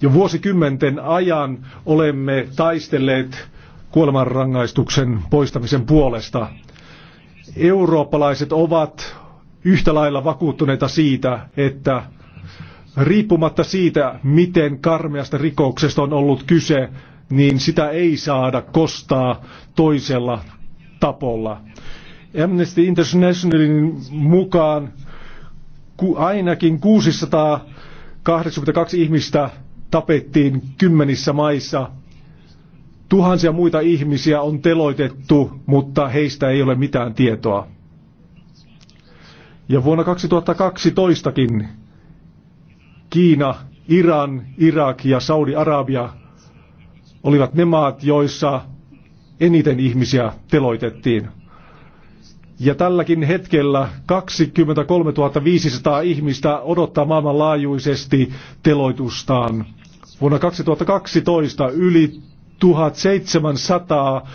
Jo vuosikymmenten ajan olemme taistelleet kuolemanrangaistuksen poistamisen puolesta. Eurooppalaiset ovat yhtä lailla vakuuttuneita siitä, että riippumatta siitä, miten karmeasta rikoksesta on ollut kyse, niin sitä ei saada kostaa toisella tapolla. Amnesty Internationalin mukaan ainakin 600 82 ihmistä tapettiin kymmenissä maissa. Tuhansia muita ihmisiä on teloitettu, mutta heistä ei ole mitään tietoa. Ja vuonna 2012 Kiina, Iran, Irak ja Saudi-Arabia olivat ne maat, joissa eniten ihmisiä teloitettiin. Ja tälläkin hetkellä 23 500 ihmistä odottaa maailmanlaajuisesti teloitustaan. Vuonna 2012 yli 1700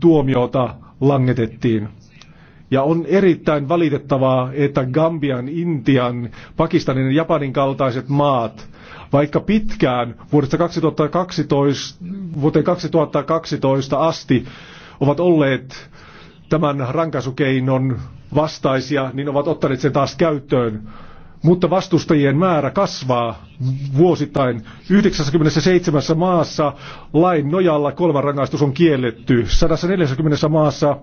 tuomiota langetettiin. Ja on erittäin valitettavaa, että Gambian, Intian, Pakistanin ja Japanin kaltaiset maat, vaikka pitkään vuodesta 2012, vuoteen 2012 asti ovat olleet tämän rankaisukeinon vastaisia, niin ovat ottaneet sen taas käyttöön. Mutta vastustajien määrä kasvaa vuosittain. 97 maassa lain nojalla rangaistus on kielletty. 140 maassa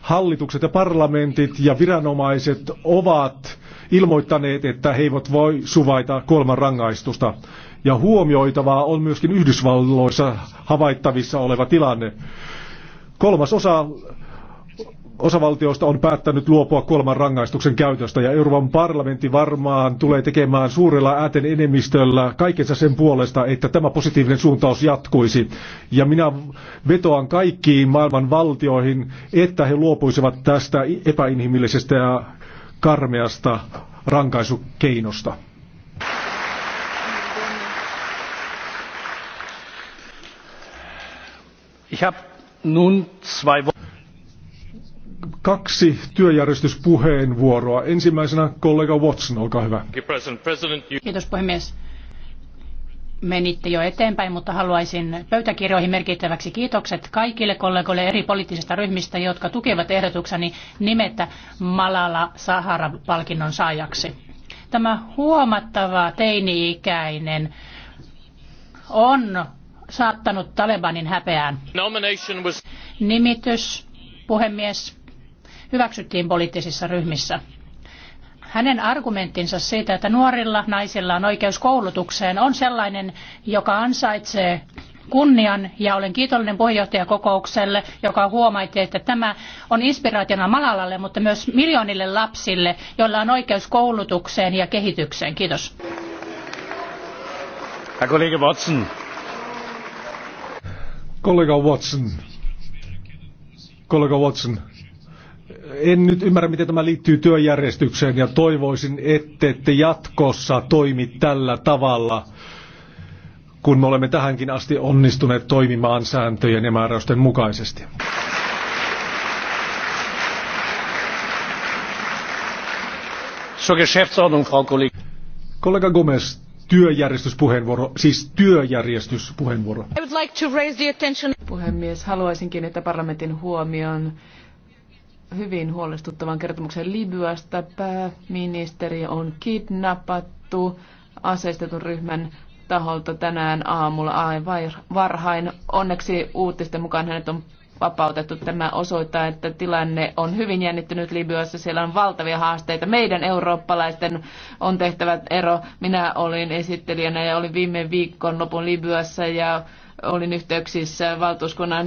hallitukset ja parlamentit ja viranomaiset ovat ilmoittaneet, että he eivät voi suvaita kolman rangaistusta. Ja huomioitavaa on myöskin Yhdysvalloissa havaittavissa oleva tilanne. Kolmas osa osavaltioista on päättänyt luopua kolman rangaistuksen käytöstä ja Euroopan parlamentti varmaan tulee tekemään suurella ääten enemmistöllä kaikensa sen puolesta, että tämä positiivinen suuntaus jatkuisi. Ja minä vetoan kaikkiin maailman valtioihin, että he luopuisivat tästä epäinhimillisestä ja karmeasta rankaisukeinosta. Ich habe Nun zwei Kaksi työjärjestyspuheenvuoroa. Ensimmäisenä kollega Watson, olkaa hyvä. Kiitos puhemies. Menitte jo eteenpäin, mutta haluaisin pöytäkirjoihin merkittäväksi kiitokset kaikille kollegoille eri poliittisista ryhmistä, jotka tukevat ehdotukseni nimetä Malala Sahara-palkinnon saajaksi. Tämä huomattava teini-ikäinen on saattanut Talebanin häpeään. Was... Nimitys, puhemies, hyväksyttiin poliittisissa ryhmissä. Hänen argumenttinsa siitä, että nuorilla naisilla on oikeus koulutukseen, on sellainen, joka ansaitsee kunnian ja olen kiitollinen puheenjohtajakokoukselle, joka huomaitti, että tämä on inspiraationa Malalalle, mutta myös miljoonille lapsille, joilla on oikeus koulutukseen ja kehitykseen. Kiitos. Herr Kollege Watson, Kollega Watson, kollega Watson, en nyt ymmärrä, miten tämä liittyy työjärjestykseen ja toivoisin, ette te jatkossa toimi tällä tavalla, kun me olemme tähänkin asti onnistuneet toimimaan sääntöjen ja määräysten mukaisesti. Kollega Gomez, Työjärjestyspuheenvuoro, siis työjärjestyspuheenvuoro. I would like to raise the attention. Puhemies, haluaisinkin, että parlamentin huomioon hyvin huolestuttavan kertomuksen Libyasta. Pääministeri on kidnappattu aseistetun ryhmän taholta tänään aamulla aivan varhain. Onneksi uutisten mukaan hänet on vapautettu. Tämä osoittaa, että tilanne on hyvin jännittynyt Libyassa. Siellä on valtavia haasteita. Meidän eurooppalaisten on tehtävä ero. Minä olin esittelijänä ja olin viime viikon lopun Libyassa ja olin yhteyksissä valtuuskunnan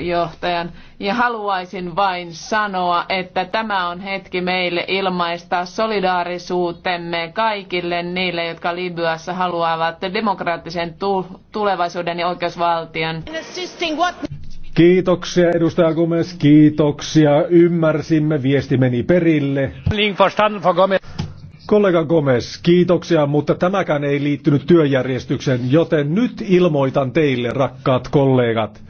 johtajan ja haluaisin vain sanoa, että tämä on hetki meille ilmaista solidaarisuutemme kaikille niille, jotka Libyassa haluavat demokraattisen tulevaisuuden ja oikeusvaltion. Kiitoksia edustaja Gomez, kiitoksia. Ymmärsimme, viesti meni perille. Kollega Gomez, kiitoksia, mutta tämäkään ei liittynyt työjärjestykseen, joten nyt ilmoitan teille, rakkaat kollegat.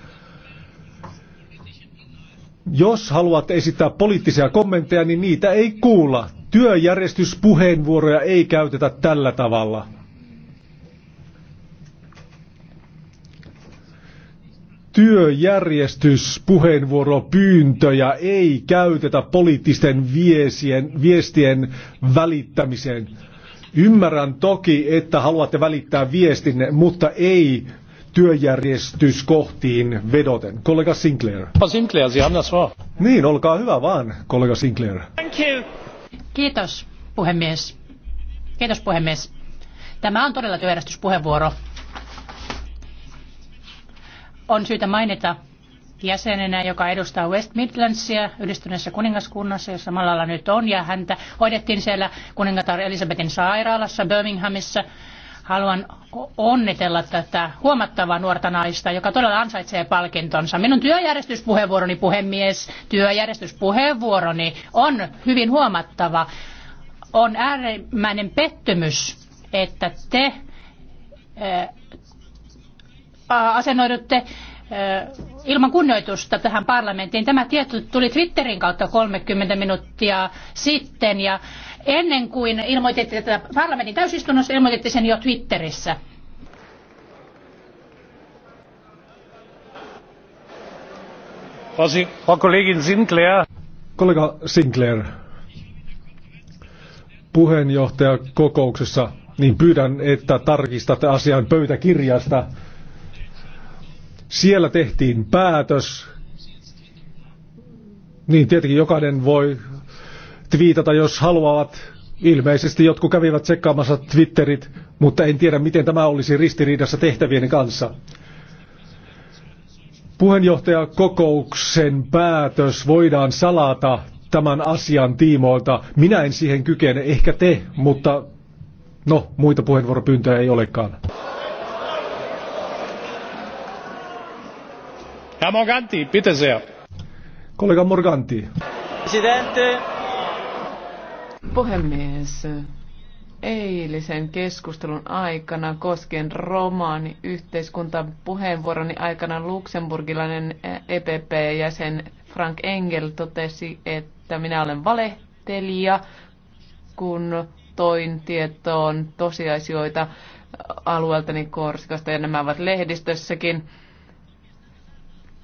Jos haluat esittää poliittisia kommentteja, niin niitä ei kuulla. Työjärjestyspuheenvuoroja ei käytetä tällä tavalla. työjärjestyspuheenvuoropyyntöjä ei käytetä poliittisten viestien, viestien välittämiseen. Ymmärrän toki, että haluatte välittää viestinne, mutta ei työjärjestyskohtiin vedoten. Kollega Sinclair. Sinclair, Sie haben das Wort. Niin, olkaa hyvä vaan, kollega Sinclair. Thank you. Kiitos, puhemies. Kiitos, puhemies. Tämä on todella työjärjestyspuheenvuoro on syytä mainita jäsenenä, joka edustaa West Midlandsia yhdistyneessä kuningaskunnassa, jossa Malala nyt on, ja häntä hoidettiin siellä kuningatar Elisabetin sairaalassa Birminghamissa. Haluan onnitella tätä huomattavaa nuorta naista, joka todella ansaitsee palkintonsa. Minun työjärjestyspuheenvuoroni, puhemies, työjärjestyspuheenvuoroni on hyvin huomattava. On äärimmäinen pettymys, että te eh, Äh, asennoidutte äh, ilman kunnioitusta tähän parlamenttiin. Tämä tieto tuli Twitterin kautta 30 minuuttia sitten ja ennen kuin ilmoititte tätä parlamentin täysistunnossa, ilmoititte sen jo Twitterissä. Frau Sinclair. Kollega Sinclair, puheenjohtajakokouksessa, niin pyydän, että tarkistatte asian pöytäkirjasta. Siellä tehtiin päätös. Niin tietenkin jokainen voi twiitata, jos haluavat. Ilmeisesti jotkut kävivät tsekkaamassa Twitterit, mutta en tiedä, miten tämä olisi ristiriidassa tehtävien kanssa. Puheenjohtajakokouksen päätös voidaan salata tämän asian tiimoilta. Minä en siihen kykene, ehkä te, mutta no, muita puheenvuoropyyntöjä ei olekaan. Herr Morganti, bitte sehr. Kollega Morganti. Presidente. Puhemies, eilisen keskustelun aikana koskien romaani yhteiskuntaan puheenvuoroni aikana luxemburgilainen EPP-jäsen Frank Engel totesi, että minä olen valehtelija, kun toin tietoon tosiasioita alueeltani Korsikasta ja nämä ovat lehdistössäkin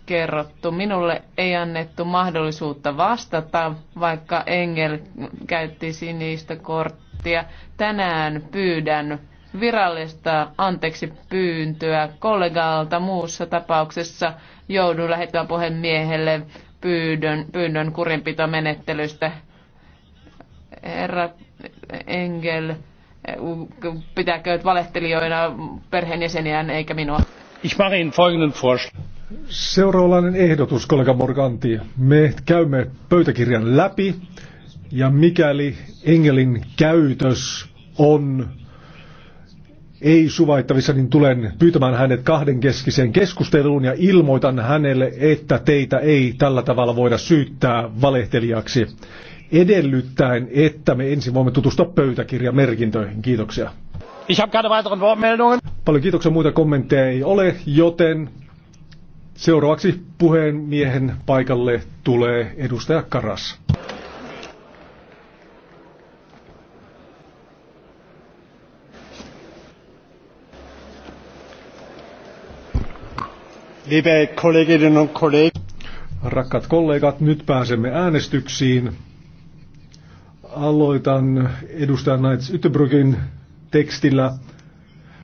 kerrottu. Minulle ei annettu mahdollisuutta vastata, vaikka Engel käytti sinistä korttia. Tänään pyydän virallista anteeksi pyyntöä kollegalta muussa tapauksessa. Joudun lähettämään puhemiehelle pyydön, pyynnön kurinpitomenettelystä. Herra Engel, pitääkö valehtelijoina perheenjäseniään eikä minua? Ich mache Ihnen folgenden Vorschlag. Seuraavainen ehdotus, kollega Morganti. Me käymme pöytäkirjan läpi ja mikäli engelin käytös on ei suvaittavissa, niin tulen pyytämään hänet kahdenkeskiseen keskusteluun ja ilmoitan hänelle, että teitä ei tällä tavalla voida syyttää valehtelijaksi edellyttäen, että me ensin voimme tutustua pöytäkirjamerkintöihin. Kiitoksia. Ich habe keine weiteren Wortmeldungen. Paljon kiitoksia, muita kommentteja ei ole, joten Seuraavaksi puheenmiehen paikalle tulee edustaja Karas. Rakkaat kollegat, nyt pääsemme äänestyksiin. Aloitan Edustajan Naits Ytterbrygin tekstillä.